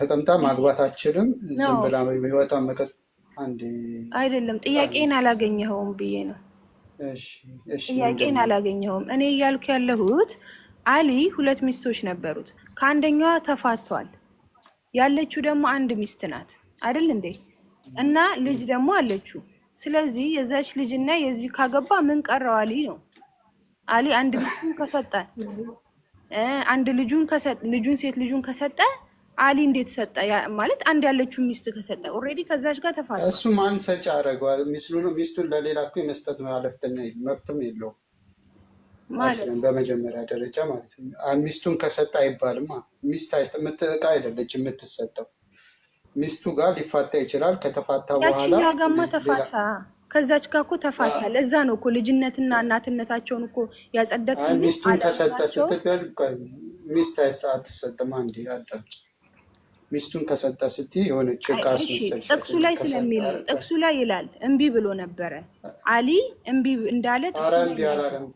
ተቀምጣ ማግባት አችልም። ዝም ብላ ህይወቷ መቀጥ አይደለም። ጥያቄን አላገኘኸውም ብዬ ነው። ጥያቄን አላገኘኸውም። እኔ እያልኩ ያለሁት አሊ ሁለት ሚስቶች ነበሩት። ከአንደኛዋ ተፋቷል። ያለችው ደግሞ አንድ ሚስት ናት አይደል እንዴ? እና ልጅ ደግሞ አለችው። ስለዚህ የዛች ልጅና የዚህ ካገባ ምን ቀረው? አሊ ነው አሊ አንድ ሚስቱን ከሰጠ አንድ ልጁን ልጁን ሴት ልጁን ከሰጠ አሊ እንዴት ሰጠ? ማለት አንድ ያለችው ሚስት ከሰጠ ኦልሬዲ ከዛች ጋር ተፋ እሱ ማን ሰጪ አደረገዋል? ሚስቱን ለሌላ እኮ የመስጠት ማለፍተኛ መብትም የለው ማለት በመጀመሪያ ደረጃ ማለት ነው። ሚስቱን ከሰጠ አይባልማ። ሚስት እቃ አይደለች የምትሰጠው። ሚስቱ ጋር ሊፋታ ይችላል። ከተፋታ በኋላ ጋማ ተፋታ ከዛች ጋር እኮ ተፋታ። ለዛ ነው እኮ ልጅነትና እናትነታቸውን እኮ ያጸደቅ። ሚስቱን ከሰጠ ስትል ሚስት አትሰጥም። አንዴ አዳምጪ ሚስቱን ከሰጠ ስቲ የሆነ ዕቃ አስመሰልሽ። ጥቅሱ ላይ ስለሚል ጥቅሱ ላይ ይላል እምቢ ብሎ ነበረ አሊ እምቢ እንዳለ ኧረ እምቢ አላለም።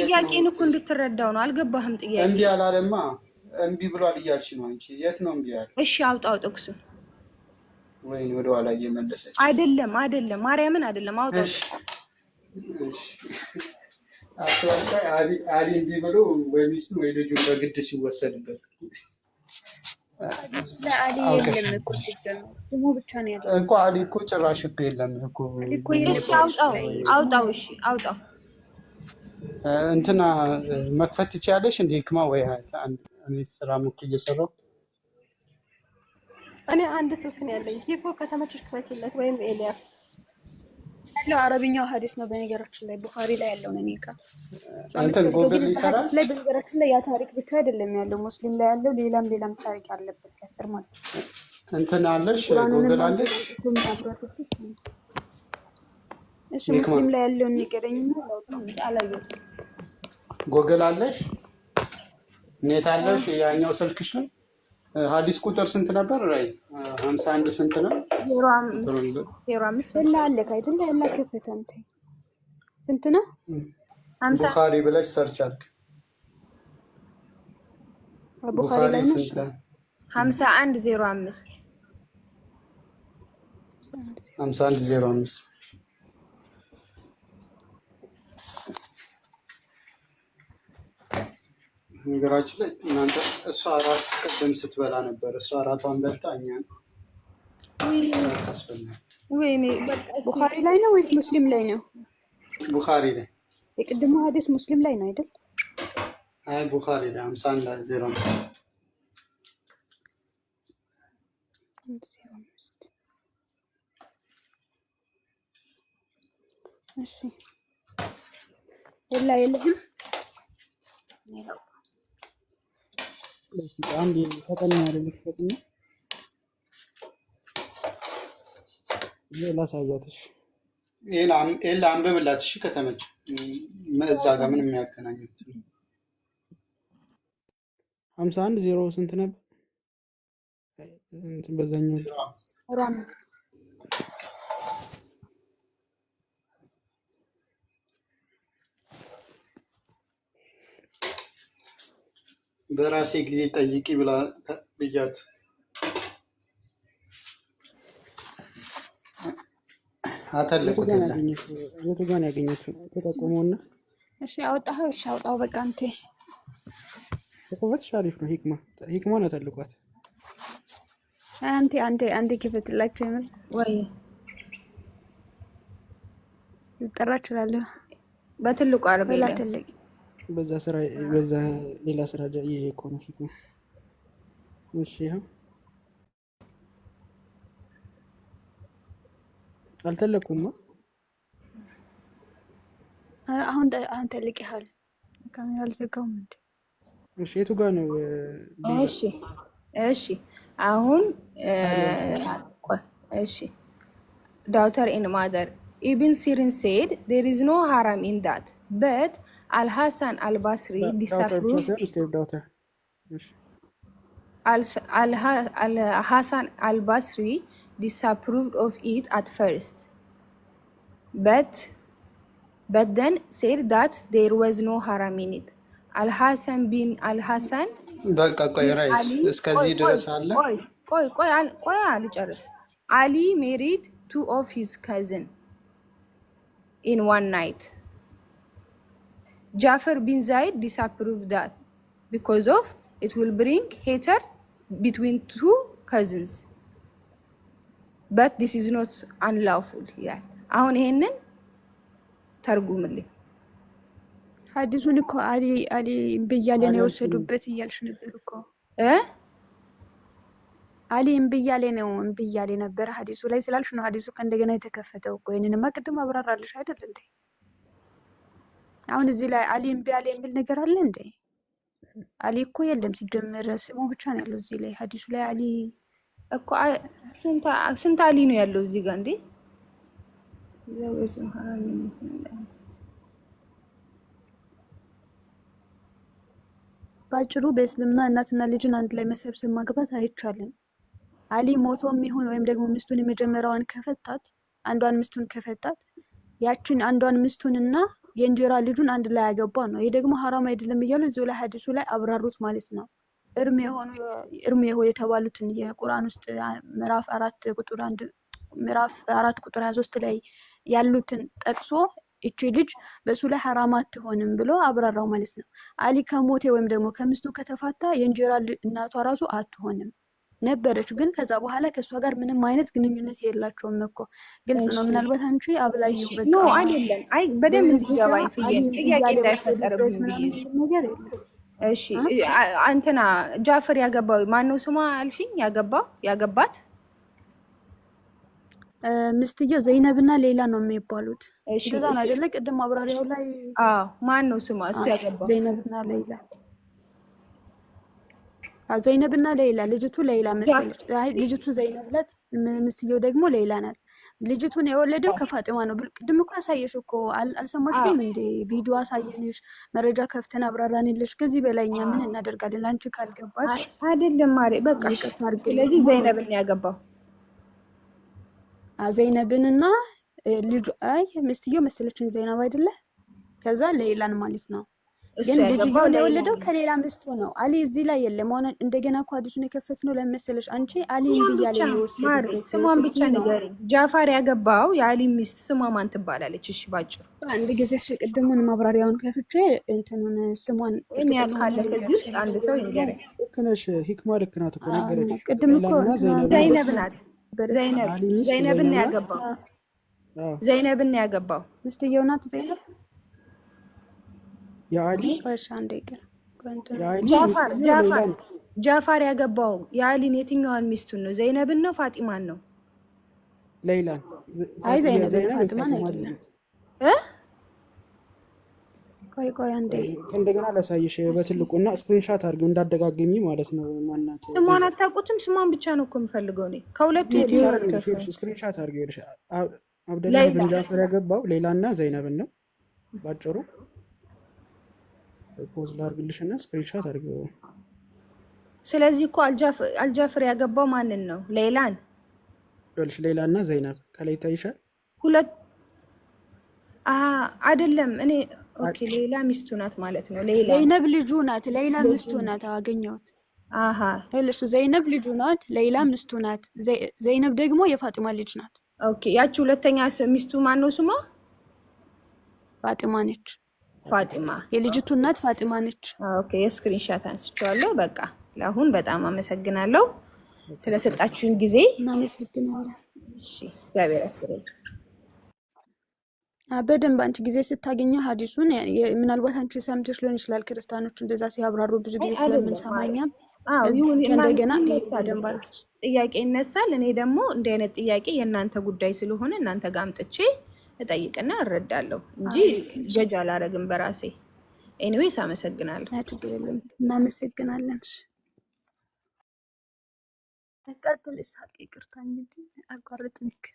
ጥያቄን እኮ እንድትረዳው ነው። አልገባህም? ጥያቄ እምቢ አላለማ። እምቢ ብሏል እያልሽ ነው አንቺ። የት ነው እምቢ ያለ? እሺ አውጣው ጥቅሱ። ወይኔ ወደኋላ እየመለሰች አይደለም፣ አይደለም፣ ማርያምን አይደለም። አውጣው አስባሳ አሊ እምቢ ብሎ ወይ ሚስቱን ወይ ልጁን በግድ ሲወሰድበት ለአሊ ቁርስ እኮ አሊ እኮ ጭራሽ እኮ የለም እኮ እንትና መክፈት ትችያለሽ እንደ ህክማ ወይ እኔ ስራ ሙክ እየሰራሁ እኔ አንድ ስልክ ነው ያለኝ። ይህ ከተመቸሽ ክፈችለት ወይም ኤልያስ ያለው አረብኛው ሀዲስ ነው። በነገራችን ላይ ቡኻሪ ላይ ያለው ነው። እኔ ጋር ሀዲስ ላይ በነገራችን ላይ ያ ታሪክ ብቻ አይደለም ያለው ሙስሊም ላይ ያለው ሌላም ሌላም ታሪክ አለበት። ከስር ማለት እንትን አለሽ ጎግል አለሽ። እሺ ሙስሊም ላይ ያለውን ንገረኝ። አላየሁትም። ጎግል አለሽ፣ ኔት አለሽ። ያኛው ስልክሽ ነው። ሀዲስ ቁጥር ስንት ነበር? ራይዝ ሀምሳ አንድ ስንት ነው? ዜሮ አምስት ስንት ነው? ቡኻሪ ብለሽ ሰርች አልክ። ቡኻሪ ሀምሳ አንድ ዜሮ አምስት ሀምሳ አንድ ዜሮ አምስት ነገራችን ላይ እናንተ እሷ አራት ቅድም ስትበላ ነበር። እሷ አራቷን በልታ እኛ ነው ወይኔ ቡኻሪ ላይ ነው ወይስ ሙስሊም ላይ ነው? ቡኻሪ ላይ የቅድሙ ሀዲስ ሙስሊም ላይ ነው አይደል? አይ ቡኻሪ ላይ ሃምሳ አንድ ዜሮ እሺ ሌላ የለህም? አንድ ፈጠን ያለ ልፈጥና ላሳያትሽ። ይሄን አንብብላት እሺ፣ ከተመቸ እዛ ጋር ምን ሀምሳ አንድ ዜሮ ስንት ነበር? በዛኛው በራሴ ጊዜ ጠይቂ ብላ ብያት የቱ ጋር ነው ያገኘችው? ተጠቁመውና እሺ፣ አወጣኸው። እሺ፣ አውጣው። በቃ አንቴ ቁበትሽ አሪፍ ነው። ሂክማ ሂክማን አተልቋት። አንቴ አንቴ አንቴ ክፈትላቸው። የምር ወይ ልጠራ እችላለሁ። በትልቁ አርበ ትልቅ በዛ ስራ በዛ ሌላ ስራ እኮ ነው ሂክማ። እሺ ይኸው አልተለኩም። አሁን አሁን ተልቀሃል። ካሜራ አልዘጋውም እንዴ? እሺ፣ የቱ ጋር ነው? እሺ፣ እሺ። አሁን እሺ፣ ዳውተር ኢን ማደር ኢብን ሲሪን ሴድ ዜር ኢዝ ኖ ሃራም ኢን ዳት በት አልሐሳን አልባስሪ ዲስአፕሩቭ ዳውተር Al Hassan al Basri disapproved of it at first, but, but then said that there was no haram in it. Al Hassan bin Al Hassan. Koy, koy, Ali married two of his cousins in one night. Jafar bin Zaid disapproved that because of it will bring hatred ቢትዊን ቱ ከዝንስ በት ዲስ ኢዝ ኖት አንላውፉል ይላል። አሁን ይሄንን ተርጉምልኝ። ሀዲሱን እኮ አሊ አሊ ነው የወሰዱበት እያልሽ ነበር እኮ እ አሊ እምብያሌ ነው እምብያሌ ነበር ሀዲሱ ላይ ስላልሽ ነው ሐዲሱ ከእንደገና የተከፈተው እኮ። ይሄንንማ ቅድም አብራራልሽ አይደል እንዴ? አሁን እዚህ ላይ አሊ እምብያሌ የሚል ነገር አለ እንዴ? አሊ እኮ የለም ሲጀመር ስሙ ብቻ ነው ያለው እዚህ ላይ ሀዲሱ ላይ አሊ እኮ ስንት አሊ ነው ያለው እዚህ ጋር እንዴ? ባጭሩ በእስልምና እናትና ልጅን አንድ ላይ መሰብሰብ ማግባት አይቻልም። አሊ ሞቶም ይሁን ወይም ደግሞ ሚስቱን የመጀመሪያዋን ከፈታት አንዷን ሚስቱን ከፈታት ያችን አንዷን ሚስቱንና የእንጀራ ልጁን አንድ ላይ ያገባ ነው። ይሄ ደግሞ ሀራም አይደለም እያሉ እዚሁ ላይ ሀዲሱ ላይ አብራሩት ማለት ነው። እርም የሆኑ እርም የተባሉትን የቁርአን ውስጥ ምዕራፍ አራት ቁጥር አንድ ምዕራፍ አራት ቁጥር ሀያ ሶስት ላይ ያሉትን ጠቅሶ እቺ ልጅ በእሱ ላይ ሀራም አትሆንም ብሎ አብራራው ማለት ነው። አሊ ከሞቴ ወይም ደግሞ ከሚስቱ ከተፋታ የእንጀራ እናቷ ራሱ አትሆንም። ነበረች ግን ከዛ በኋላ ከእሷ ጋር ምንም አይነት ግንኙነት የላቸውም እኮ ግልጽ ነው። ምናልባት አንቺ አብላዩ አይደለም አይ በደንብ እንዲገባኝ ነገር እሺ አንተና ጃፈር ያገባው ማነው ስሟ አልሽኝ? ያገባው ያገባት ምስትየው ዘይነብና ሌላ ነው የሚባሉት። እዛ ነው አይደለ? ቅድም አብራሪያው ላይ ማን ነው ስሟ? እሱ ያገባው ዘይነብና ሌላ ዘይነብና ሌላ ልጅቱ ሌላ መሰለች። ልጅቱ ዘይነብ ናት፣ ምስየው ደግሞ ሌላ ናት። ልጅቱን የወለደው ከፋጢማ ነው። ቅድም እኮ ያሳየሽ እኮ አልሰማሽም እንዴ? ቪዲዮ አሳየንሽ፣ መረጃ ከፍተን አብራራንልሽ። ከዚህ በላይ እኛ ምን እናደርጋለን? ለአንቺ ካልገባሽ አይደለም ማሬ፣ በቃ ስለዚህ ዘይነብን ያገባው ዘይነብን ዘይነብንና ልጁ አይ፣ ምስትየው መሰለችን ዘይነብ አይደለ? ከዛ ሌላን ማለት ነው ግን ልጅየው የወለደው ከሌላ ሚስቱ ነው። አሊ እዚህ ላይ የለም። ሆነ እንደገና እኮ አዲሱን የከፈት ነው ለመሰለሽ አንቺ አሊ ብያለ ስሟን ብቻ ነገር ጃፋር ያገባው የአሊ ሚስት ስሟ ማን ትባላለች? እሺ ባጭሩ አንድ ጊዜ እሺ፣ ቅድሙን ማብራሪያውን ከፍቼ እንትኑን ስሟን ያካለ ከዚህ ውስጥ አንድ ሰው ይገ ልክ ነሽ ሂክማ፣ ልክ ናት እኮ ነገረች። ቅድም እኮ ዘይነብ ናት። ዘይነብ ዘይነብን ያገባው ዘይነብን ያገባው ሚስትየው ናት ዘይነብ የአሊ ጃፋር ያገባው የአሊን የትኛዋን ሚስቱን ነው? ዘይነብን ነው? ፋጢማን ነው? ሌይላን? አይ ዘይነብ ቆይ ቆይ አንዴ እንደገና ላሳይሽ በትልቁና ስክሪንሻት አድርገው እንዳደጋገሚ ማለት ነው። ማናት ስሟን አታውቁትም? ስሟን ብቻ ነው እኮ የምፈልገው እኔ ከሁለቱ ስክሪንሻት አድርገው። አብደላ ብን ጃፈር ያገባው ሌይላና ዘይነብን ነው ባጭሩ ፖዝ ላርግልሽ እና ስክሪንሻት አድርገው። ስለዚህ እኮ አልጃፍር ያገባው ማንን ነው? ሌላን ልሽ ሌላ እና ዘይናብ ከላይ ታይሻል። ሁለት አይደለም እኔ ኦኬ፣ ሌላ ሚስቱ ናት ማለት ነው። ሌላ ዘይነብ ልጁ ናት፣ ሌላ ሚስቱ ናት። አገኘሁት። ልሽ ዘይነብ ልጁ ናት፣ ሌላ ሚስቱ ናት። ዘይነብ ደግሞ የፋጢማ ልጅ ናት። ኦኬ፣ ያቺ ሁለተኛ ሚስቱ ማነው ስሟ? ፋጢማ ነች። ፋጢማ የልጅቱ እናት ፋጢማ ነች። ኦኬ ሻት አንስቼዋለሁ። በቃ ለአሁን በጣም አመሰግናለሁ ስለሰጣችሁን ጊዜ እናመሰግናለን። በደንብ አንቺ ጊዜ ስታገኘ ሀዲሱን ምናልባት አንቺ ሰምተሽ ሊሆን ይችላል። ክርስቲያኖች እንደዛ ሲያብራሩ ብዙ ጊዜ ስለምንሰማኛም እንደገና ጥያቄ ይነሳል። እኔ ደግሞ እንዲህ አይነት ጥያቄ የእናንተ ጉዳይ ስለሆነ እናንተ ጋር አምጥቼ እጠይቅና እረዳለሁ እንጂ ጀጅ አላረግም በራሴ። ኤኒዌይስ አመሰግናለሁ። ችግር እናመሰግናለን። ቀጥል። ይቅርታ እንግዲህ አቋረጥንክ።